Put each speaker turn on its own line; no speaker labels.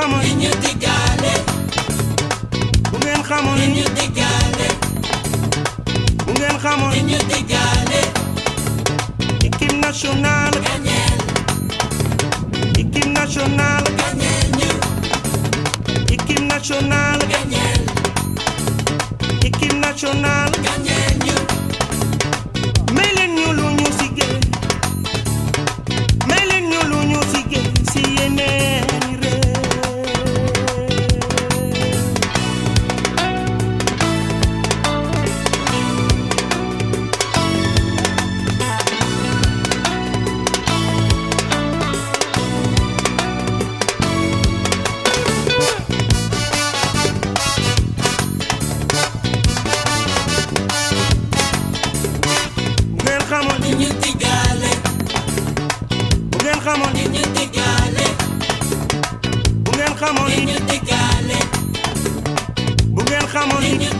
xamul li ñu diggaale bu ngeen xamul ñu diggaale bu ngeen xamul ñu diggaale équipe nationale gagnel équipe nationale gagnel ñu équipe nationale gagnel équipe
nationale gagnel
xamoon li ñu diggaale bu ngeen xamoon li ñu diggaale bu ngeen xamoon li ñu